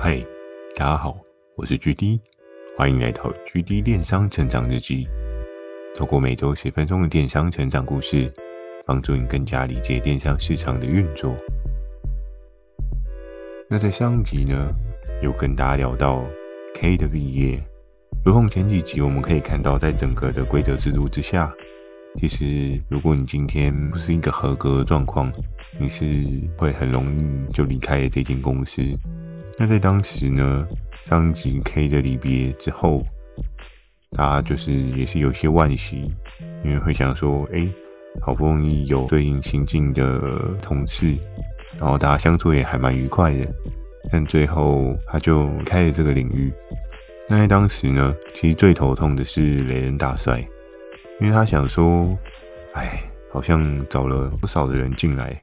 嗨，Hi, 大家好，我是 GD，歡迎來到 GD 電商成長日記。透過每週十分鐘的電商成長故事，幫助你更加理解電商市場的運作。那在上集呢，有跟大家聊到了 K 的畢業。如同前幾集我們可以看到，在整個的規則制度之下，其實如果你今天不是一個合格的狀況，你是會很容易就離開這間公司。那在當時呢，上集 K 的離別之後，大家就是也是有些惋惜，因為會想說，哎、欸，好不容易有對應情境的同事，然後大家相處也還蠻愉快的，但最後他就離開了這個領域。那在當時呢，其實最頭痛的是雷恩大帥，因為他想說，哎，好像找了不少的人進來。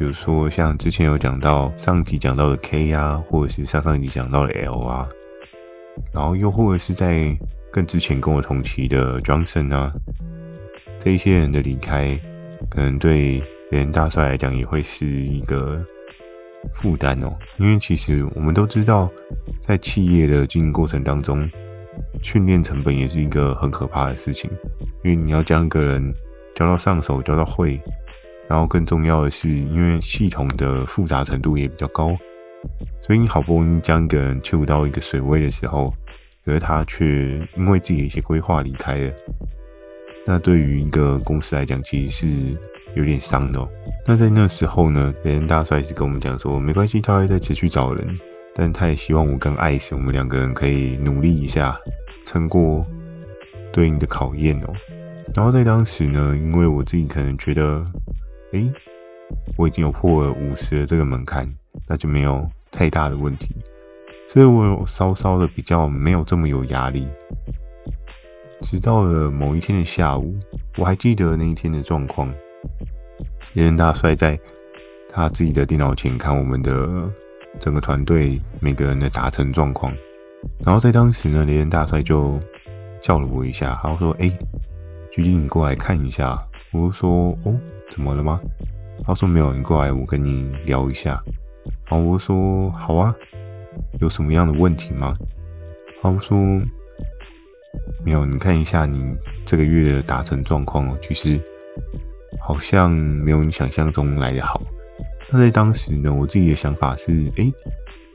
比如說，像之前有講到上一集講到的 K 啊，或者是上上集講到的 L 啊，然後又或者是在更之前跟我同期的 Johnson 啊，這一些人的離開，可能對雷恩大帥來講也會是一個負擔哦。因為其實我們都知道，在企業的經營過程當中，訓練成本也是一個很可怕的事情，因為你要教一個人教到上手，教到會。然後更重要的是，因為系統的複雜程度也比較高，所以你好不容易將一個人去到一個水位的時候，可是他卻因為自己有一些規劃離開了。那對於一個公司來講，其實是有點傷的哦。那在那時候呢，雷恩大帥是跟我們講說，沒關係，他會再持續找人，但他也希望我跟艾斯我們兩個人可以努力一下，撐過對應的考驗哦。然後在當時呢，因為我自己可能覺得。誒、欸，我已經有破了五十的這個門檻，那就沒有太大的問題，所以我有稍稍的比較沒有這麼有壓力。直到了某一天的下午，我還記得那一天的狀況，雷恩大帥在他自己的電腦前看我們的整個團隊每個人的達成狀況，然後在當時呢，雷恩大帥就叫了我一下，然後說：“哎、欸，狙擊，你過來看一下。”我就說：“哦。”怎麼了嗎？他說沒有，你過來，我跟你聊一下。然後我說，好啊，有什麼樣的問題嗎？他們說沒有，你看一下你這個月的達成狀況哦，其實好像沒有你想象中來得好。那在當時呢，我自己的想法是，哎、欸，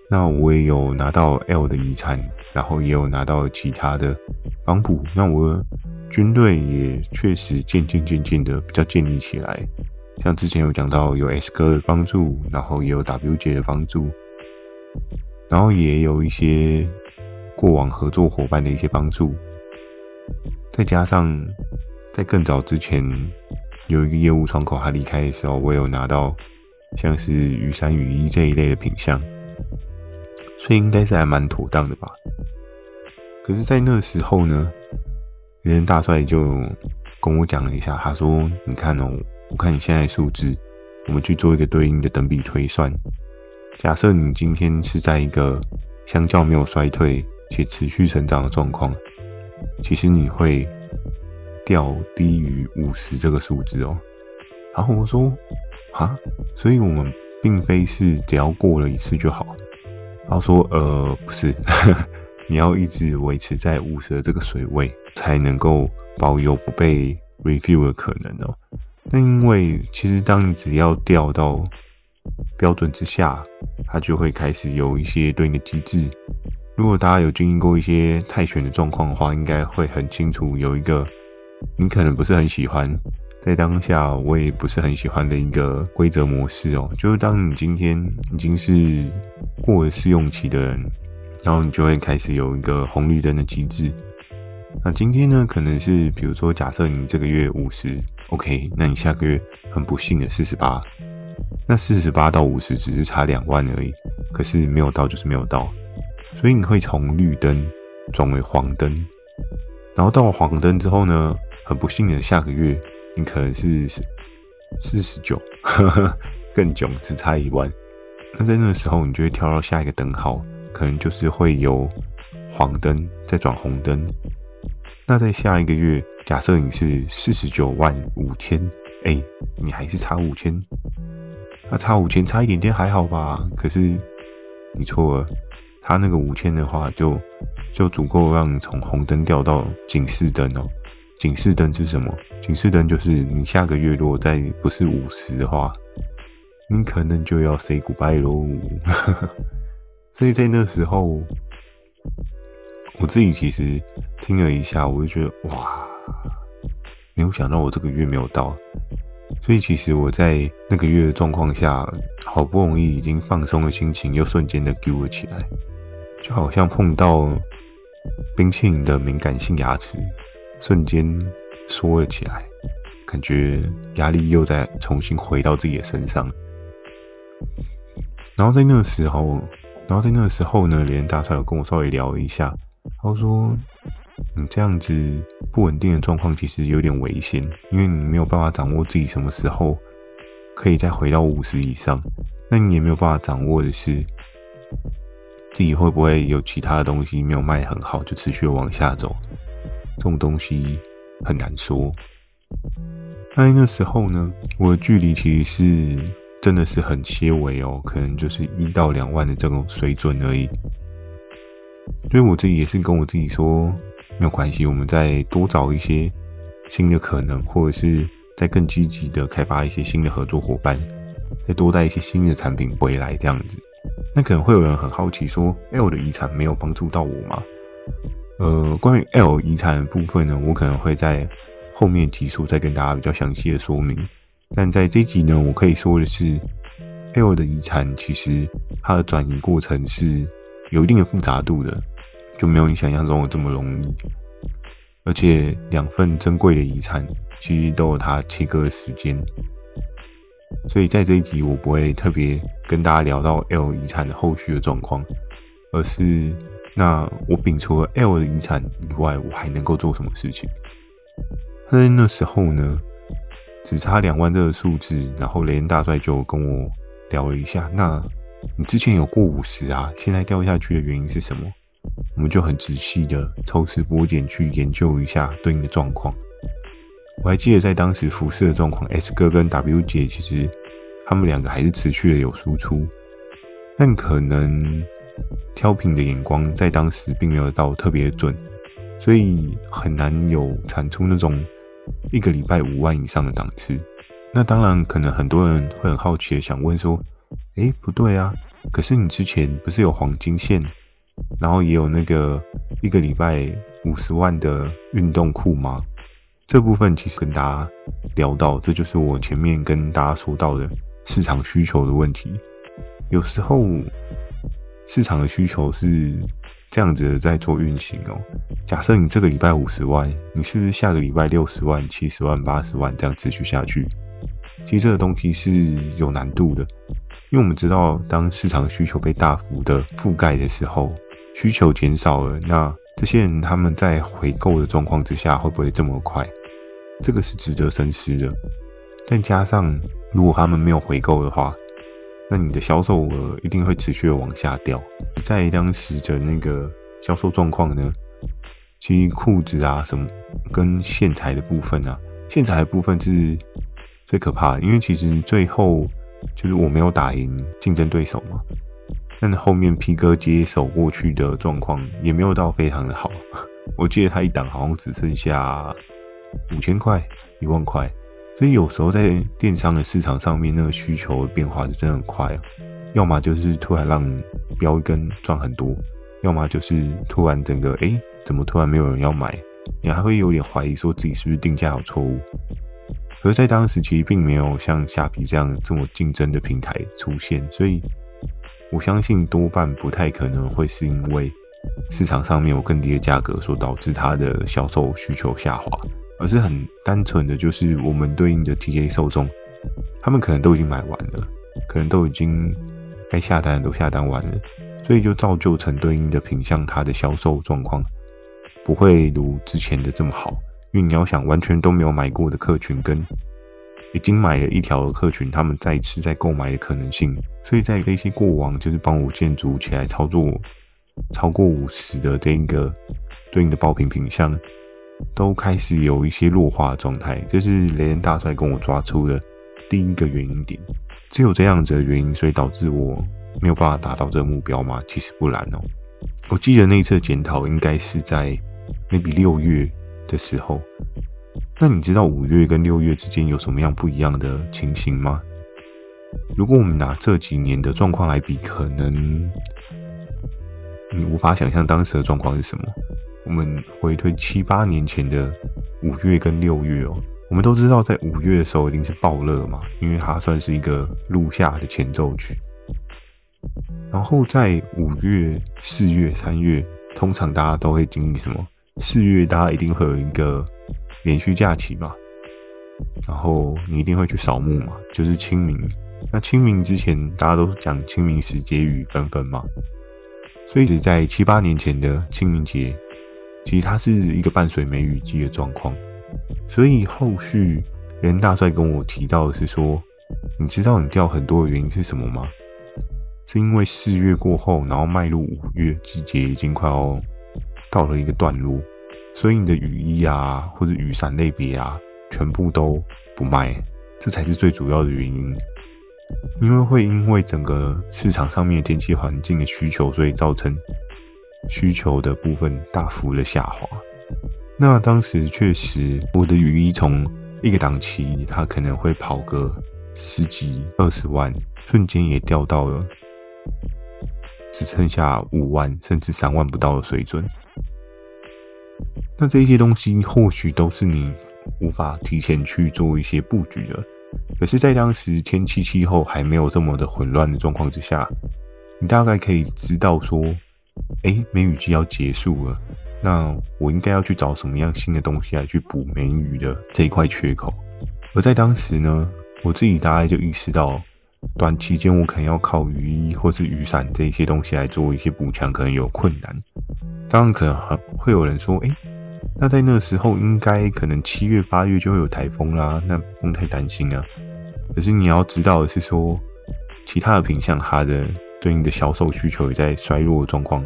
那我也有拿到 L 的遺產，然後也有拿到其他的房補，那我。軍隊也確實漸漸漸漸的比較建立起來，像之前有講到有 S 哥的幫助，然後也有 W 姐的幫助，然後也有一些過往合作夥伴的一些幫助，再加上在更早之前有一個業務窗口他離開的時候，我有拿到像是雨傘雨衣這一類的品項，所以應該是還蠻妥當的吧。可是，在那時候呢，雷恩大帥就跟我講了一下，他說：“你看哦，我看你現在的數字，我們去做一個對應的等比推算。假設你今天是在一個相較沒有衰退且持續成長的狀況，其實你會掉低於五十這個數字哦。”然後我說：“啊，所以我們並非是只要過了一次就好。”然後說：“呃，不是， 你要一直維持在五十的這個水位。”才能夠保有不被 review 的可能哦。那因為其實當你只要掉到標準之下，它就會開始有一些對應的機制。如果大家有經歷過一些汰選的狀況的話，應該會很清楚有一個你可能不是很喜歡，在當下我也不是很喜歡的一個規則模式哦。就是當你今天已經是過了試用期的人，然後你就會開始有一個紅綠燈的機制。那今天呢，可能是比如說，假設你這個月五十，OK，那你下個月很不幸的四十八，那四十八到五十只是差兩萬而已，可是沒有到就是沒有到，所以你會從綠燈轉為黃燈，然後到了黃燈之後呢，很不幸的下個月你可能是四十九，呵呵，更囧，只差一萬，那在那個時候你就會跳到下一個燈號，可能就是會由黃燈再轉紅燈。那在下一個月，假設你是四十九萬五千，哎，你還是差五千。那差五千，差一點點還好吧。可是你錯了，他那個五千的話就，就就足夠讓你從紅燈掉到警示燈哦。警示燈是什麼？警示燈就是你下個月如果再不是五十的話，你可能就要 say goodbye 嘍。 所以，在那時候。我自己其實聽了一下，我就覺得哇，沒有想到我這個月沒有到，所以其實我在那個月的狀況下，好不容易已經放鬆的心情又瞬間的揪了起來，就好像碰到冰淇淋的敏感性牙齒，瞬間縮了起來，感覺壓力又在重新回到自己的身上。然後在那個時候，然後在那個時候呢，雷恩大帥跟我稍微聊了一下。他說：“你這樣子不穩定的狀況其實有點危險，因為你沒有辦法掌握自己什麼時候可以再回到五十以上，那你也沒有辦法掌握的是自己會不會有其他的東西沒有賣很好，就持續的往下走。這種東西很難說。那那時候呢，我的距離其實是真的是很細微哦，可能就是一到兩萬的這種水準而已。”所以我自己也是跟我自己說，沒有關係，我們再多找一些新的可能，或者是再更積極的開發一些新的合作夥伴，再多帶一些新的產品回來這樣子。那可能會有人很好奇說，L 的遺產沒有幫助到我嗎？呃，關於 L 遺產的部分呢，我可能會在後面集數，再跟大家比較詳細的說明。但在這集呢，我可以說的是，L 的遺產其實它的轉移過程是。有一定的複雜度的，就沒有你想象中的這麼容易。而且兩份珍貴的遺產其實都有它切割的時間，所以在這一集我不會特別跟大家聊到 L 遺產的後續的狀況，而是那我摒除了 L 的遺產以外，我還能夠做什麼事情？在那時候呢，只差兩萬這個數字，然後雷恩大帥就跟我聊了一下那。你之前有過五十啊？現在掉下去的原因是什麼？我們就很仔細的抽絲剝繭去研究一下對應的狀況。我還記得在當時輻射的狀況，S 哥跟 W 姐其實他們兩個還是持續的有輸出，但可能挑品的眼光在當時並沒有到特別的準，所以很難有產出那種一個禮拜五萬以上的檔次。那當然，可能很多人會很好奇的想問說，誒、欸，不對啊！可是你之前不是有黃金線，然後也有那個一個禮拜五十萬的運動褲嗎？這部分其實跟大家聊到，這就是我前面跟大家說到的市場需求的問題。有時候市場的需求是這樣子在做運行哦。假設你這個禮拜五十萬，你是不是下個禮拜六十萬、七十萬、八十萬這樣持續下去？其實這個東西是有難度的。因為我們知道，當市場需求被大幅的覆蓋的時候，需求減少了，那這些人他們在回購的狀況之下會不會這麼快？這個是值得深思的。再加上，如果他們沒有回購的話，那你的銷售額一定會持續的往下掉。在當時的那個銷售狀況呢，其實褲子啊什麼跟線材的部分啊，線材的部分是最可怕的，因為其實最後，就是我沒有打贏競爭對手嘛，但後面皮哥接手過去的狀況也沒有到非常的好。我記得他一檔好像只剩下五千塊、一萬塊，所以有時候在電商的市場上面，那個需求變化是真的很快啊，要麼就是突然讓標一根賺很多，要麼就是突然整個誒、欸、怎麼突然沒有人要買？你還會有點懷疑說自己是不是定價有錯誤。而在當時，其實並沒有像蝦皮這樣這麼競爭的平台出現，所以我相信多半不太可能會是因為市場上面有更低的價格所導致它的銷售需求下滑，而是很單純的就是我們對應的 TA 受眾，他們可能都已經買完了，可能都已經該下單的都下單完了，所以就造就成對應的品項，它的銷售狀況不會如之前的這麼好。因為你要想完全都沒有買過的客群，跟已經買了一條的客群，他們再次再購買的可能性，所以在那些過往就是幫我建築起來操作超過五十的這一個對應的爆品品項，都開始有一些弱化的狀態。這是雷恩大帥跟我抓出的第一個原因點。只有這樣子的原因，所以導致我沒有辦法達到這個目標嗎？其實不然哦、喔。我記得那一次的檢討應該是在 maybe 六月。的時候，那你知道五月跟六月之間有什麼樣不一樣的情形嗎？如果我們拿這幾年的狀況來比，可能你無法想象當時的狀況是什麼。我們回推七八年前的五月跟六月哦，我們都知道在五月的時候一定是暴熱嘛，因為它算是一個入夏的前奏曲。然後在五月、四月、三月，通常大家都會經歷什麼？四月大家一定會有一個連續假期嘛，然後你一定會去掃墓嘛，就是清明。那清明之前，大家都講清明時節雨紛紛嘛，所以只在七八年前的清明節，其實它是一個伴隨梅雨季的狀況。所以後續雷恩大帥跟我提到的是說，你知道你掉很多的原因是什麼嗎？是因為四月過後，然後邁入五月，季節已經快要。到了一個段落，所以你的雨衣啊，或者雨傘類別啊，全部都不賣，這才是最主要的原因。因為會因為整個市場上面的天氣環境的需求，所以造成需求的部分大幅的下滑。那當時確實，我的雨衣從一個檔期，它可能會跑個十幾二十萬，瞬間也掉到了。只剩下五萬甚至三萬不到的水準，那這些東西或許都是你無法提前去做一些布局的。可是，在當時天氣氣候還沒有這麼的混亂的狀況之下，你大概可以知道說，誒、欸，梅雨季要結束了，那我應該要去找什麼樣新的東西來去補梅雨的這一塊缺口。而在當時呢，我自己大概就意識到。短期間，我可能要靠雨衣或是雨傘這些東西來做一些補強，可能有困難。當然，可能還會有人說：“哎、欸，那在那時候應該可能七月、八月就會有颱風啦，那不用太擔心啊。”可是你要知道的是說，其他的品項它的對你的銷售需求也在衰弱的狀況，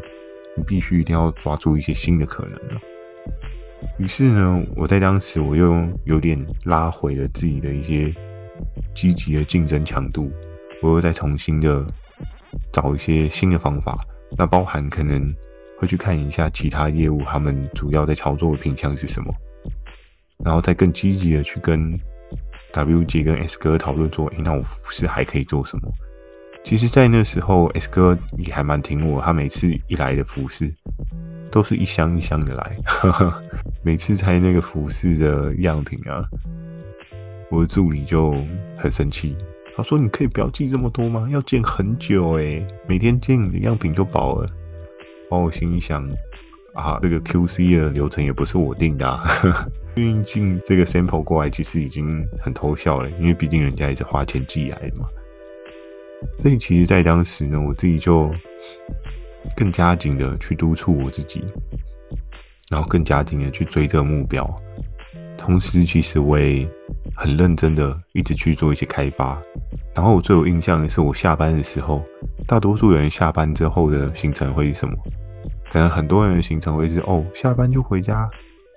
你必須一定要抓住一些新的可能了。於是呢，我在當時我又有點拉回了自己的一些積極的競爭強度。我又再重新的找一些新的方法，那包含可能會去看一下其他業務，他們主要在操作的品項是什麼，然後再更積極的去跟 W 哥跟 S 哥討論說，誒、欸，那我服飾還可以做什麼？其實，在那時候，S 哥也還蠻挺我，他每次一來的服飾都是一箱一箱的來， 每次拆那個服飾的樣品啊，我的助理就很生氣。他說：“你可以不要寄這麼多嗎？要檢很久誒、欸，每天檢你的樣品就飽了。”哦，心裡想啊，這個 QC 的流程也不是我定的，啊，運 進這個 sample 過來其實已經很偷笑了，因為畢竟人家也是花錢寄來的嘛。所以其實，在當時呢，我自己就更加緊的去督促我自己，然後更加緊的去追這個目標。同時，其實我也很認真的，一直去做一些開發。然後我最有印象的是我下班的時候，大多數人下班之後的行程會是什麼？可能很多人的行程會是哦，下班就回家，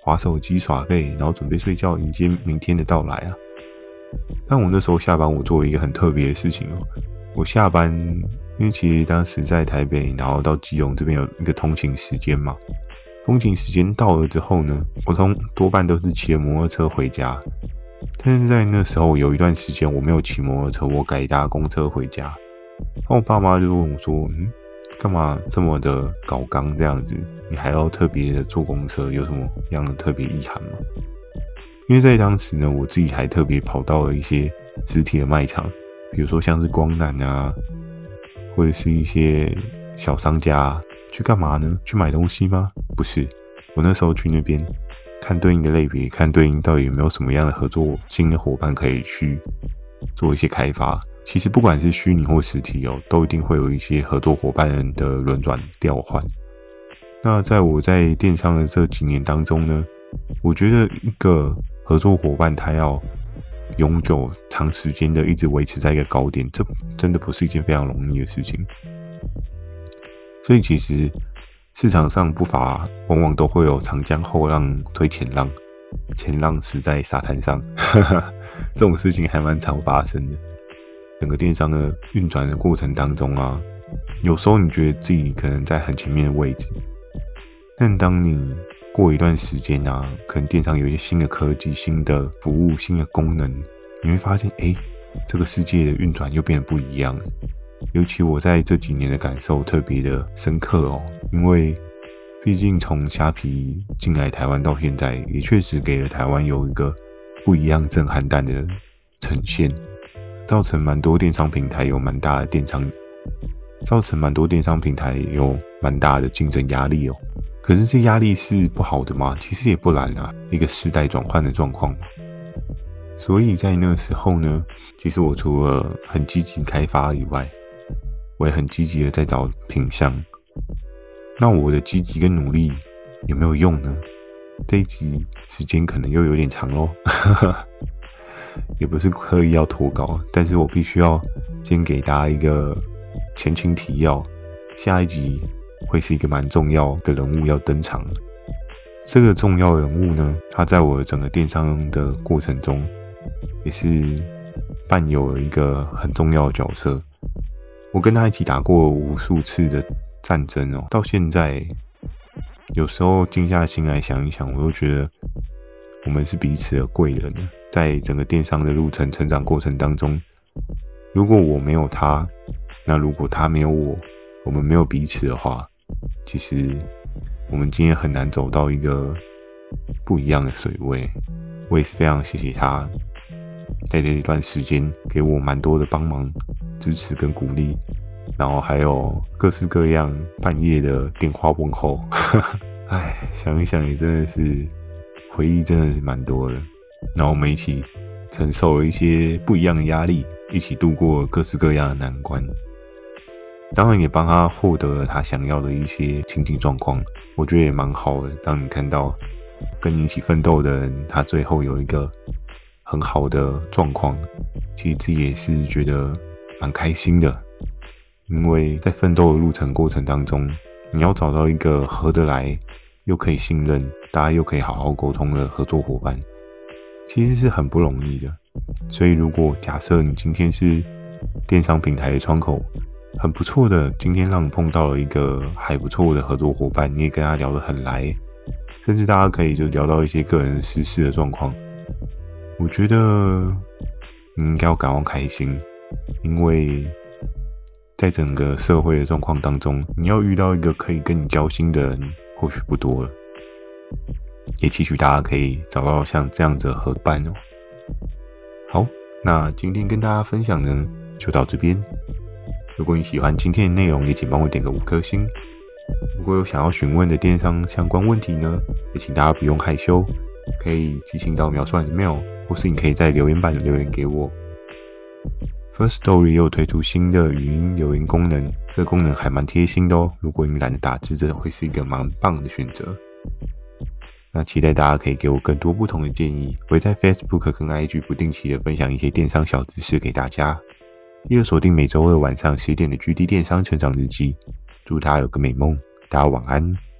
滑手機耍廢然後準備睡覺，迎接明天的到來啊。但我那時候下班，我做了一個很特別的事情哦。我下班，因為其實當時在台北，然後到基隆這邊有一個通勤時間嘛。通勤時間到了之後呢，我從多半都是騎摩托車回家。但是在那時候有一段時間我沒有騎摩托車，我改搭公車回家。那、啊、我爸媽就問我說：“嗯，幹嘛這麼的搞剛這樣子？你還要特別的坐公車？有什麼樣的特別遺憾嗎？”因為在當時呢，我自己還特別跑到了一些實體的賣場，比如說像是光南啊，或者是一些小商家、啊。去幹嘛呢？去買東西嗎？不是，我那時候去那邊看對應的類別，看對應到底有沒有什麼樣的合作新的夥伴可以去做一些開發。其實不管是虛擬或實體哦，都一定會有一些合作夥伴的輪轉調換。那在我在電商的這幾年當中呢，我覺得一個合作夥伴他要永久長時間的一直維持在一個高點，這真的不是一件非常容易的事情。所以其實市場上不乏，往往都會有“長江後浪推前浪，前浪死在沙灘上” 這種事情還蠻常發生的。整個電商的運轉的過程當中啊，有時候你覺得自己可能在很前面的位置，但當你過一段時間啊，可能電商有一些新的科技、新的服務、新的功能，你會發現，哎，這個世界的運轉又變得不一樣了。尤其我在這幾年的感受特別的深刻哦，因為畢竟從蝦皮進來台灣到現在，也確實給了台灣有一個不一樣、震撼彈的呈現，造成蠻多電商平台有蠻大的電商，造成蠻多電商平台有蠻大的競爭壓力哦。可是這壓力是不好的嘛？其實也不然啊，一個世代轉換的狀況。所以在那時候呢，其實我除了很積極開發以外，我也很積極的在找品相，那我的積極跟努力有沒有用呢？這一集時間可能又有點長囉。 也不是刻意要拖稿，但是我必須要先給大家一個前情提要，下一集會是一個蠻重要的人物要登場。這個重要人物呢，他在我整個電商的過程中，也是扮演了一個很重要的角色。我跟他一起打過了無數次的戰爭哦，到現在，有時候靜下心來想一想，我又覺得我們是彼此的貴人了。在整個電商的路程成長過程當中，如果我沒有他，那如果他沒有我，我們沒有彼此的話，其實我們今天很難走到一個不一樣的水位。我也是非常謝謝他，在這一段時間給我蠻多的幫忙。支持跟鼓勵，然後還有各式各樣半夜的電話問候，呵呵唉，想一想也真的是回憶，真的是蠻多的。然後我們一起承受了一些不一樣的壓力，一起度過各式各樣的難關。當然也幫他獲得了他想要的一些情景狀況，我覺得也蠻好的。當你看到跟你一起奮鬥的人，他最後有一個很好的狀況，其實自己也是覺得。蠻開心的，因為在奮鬥的路程過程當中，你要找到一個合得來又可以信任、大家又可以好好溝通的合作夥伴，其實是很不容易的。所以，如果假設你今天是電商平台的窗口，很不錯的，今天讓你碰到了一個還不錯的合作夥伴，你也跟他聊得很來，甚至大家可以就聊到一些個人私事的狀況，我覺得你應該要感到開心。因為在整個社會的狀況當中，你要遇到一個可以跟你交心的人，或許不多了。也期許大家可以找到像這樣子的夥伴哦。好，那今天跟大家分享呢，就到這邊。如果你喜歡今天的內容，也請幫我點個五顆星。如果有想要詢問的電商相關問題呢，也請大家不用害羞，可以寄信到描述欄裡面，或是你可以在留言板留言給我。First Story 又推出新的語音留言功能，這功能還蠻貼心的哦。如果你懶得打字，這會是一個蠻棒的選擇。那期待大家可以給我更多不同的建議，我會在 Facebook 跟 IG 不定期的分享一些電商小知識給大家。記得鎖定每周二晚上十點的 GD 電商成長日記。祝大家有個美夢，大家晚安。